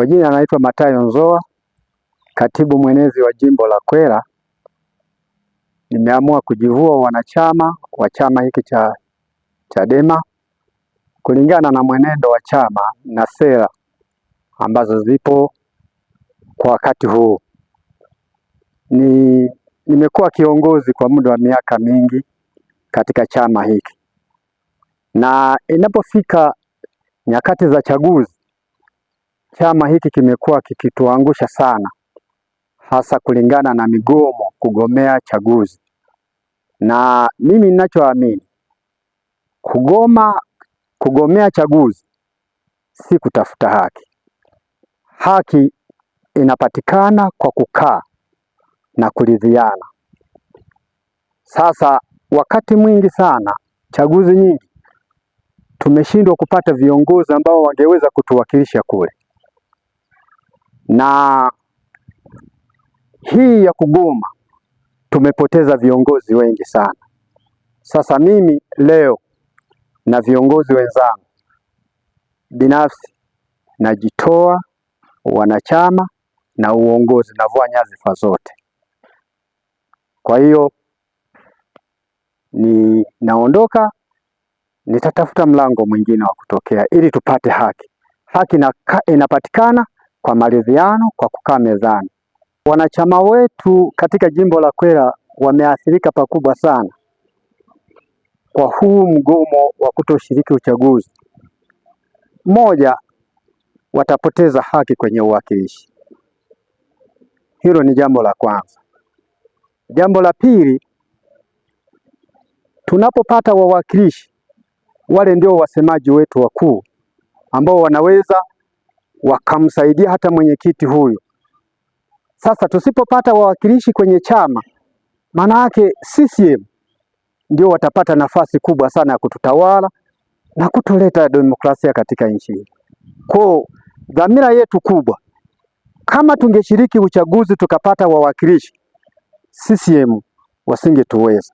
Kwa jina anaitwa Matayo Nzoa, katibu mwenezi wa jimbo la Kwela. Nimeamua kujivua wanachama wa chama hiki cha Chadema kulingana na mwenendo wa chama na sera ambazo zipo kwa wakati huu. Ni nimekuwa kiongozi kwa muda wa miaka mingi katika chama hiki, na inapofika nyakati za chaguzi Chama hiki kimekuwa kikituangusha sana, hasa kulingana na migomo, kugomea chaguzi. Na mimi ninachoamini, kugoma, kugomea chaguzi si kutafuta haki. Haki inapatikana kwa kukaa na kuridhiana. Sasa wakati mwingi sana, chaguzi nyingi tumeshindwa kupata viongozi ambao wangeweza kutuwakilisha kule na hii ya kugoma tumepoteza viongozi wengi sana. Sasa mimi leo na viongozi wenzangu binafsi najitoa wanachama na uongozi, navua nyadhifa zote. Kwa hiyo ni naondoka, nitatafuta mlango mwingine wa kutokea ili tupate haki. Haki inapatikana kwa maridhiano kwa kukaa mezani. Wanachama wetu katika jimbo la Kwela wameathirika pakubwa sana kwa huu mgomo wa kutoshiriki uchaguzi. Moja, watapoteza haki kwenye uwakilishi. Hilo ni jambo la kwanza. Jambo la pili, tunapopata wawakilishi wale ndio wasemaji wetu wakuu ambao wanaweza wakamsaidia hata mwenyekiti huyu. Sasa tusipopata wawakilishi kwenye chama, maana yake CCM ndio watapata nafasi kubwa sana ya kututawala na kutuleta demokrasia katika nchi hii. Kwa dhamira yetu kubwa, kama tungeshiriki uchaguzi tukapata wawakilishi, CCM wasingetuweza.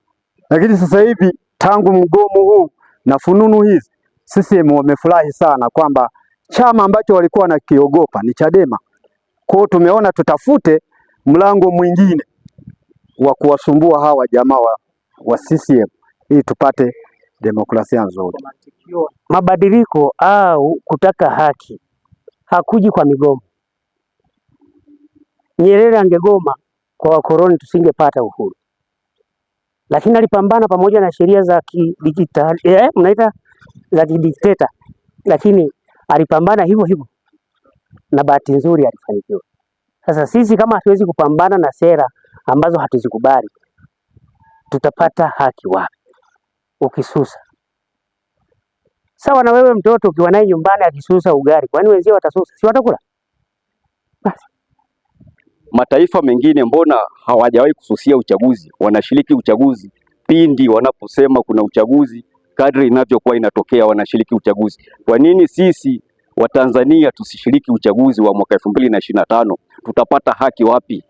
Lakini sasa hivi tangu mgomo huu na fununu hizi, CCM wamefurahi sana kwamba chama ambacho walikuwa wanakiogopa ni Chadema. Kwao tumeona tutafute mlango mwingine wa kuwasumbua hawa jamaa wa, wa CCM ili tupate demokrasia nzuri. Mabadiliko au kutaka haki hakuji kwa migomo. Nyerere angegoma kwa wakoloni tusingepata uhuru, lakini alipambana pamoja na sheria za kidijitali eh, mnaita za kidikteta, lakini alipambana hivyo hivyo, na bahati nzuri alifanikiwa. Sasa sisi kama hatuwezi kupambana na sera ambazo hatuzikubali, tutapata haki wapi? Ukisusa sawa na wewe mtoto ukiwa naye nyumbani akisusa ugali, kwani wenzio watasusa? Si watakula? Basi mataifa mengine mbona hawajawahi kususia uchaguzi? Wanashiriki uchaguzi pindi wanaposema kuna uchaguzi kadri inavyokuwa inatokea wanashiriki uchaguzi. Kwa nini sisi Watanzania tusishiriki uchaguzi wa mwaka elfu mbili na ishirini na tano? Tutapata haki wapi?